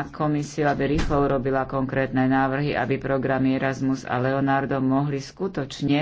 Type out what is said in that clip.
a komisiu, aby rýchlo urobila konkrétne návrhy, aby programy Erasmus a Leonardo mohli skutočne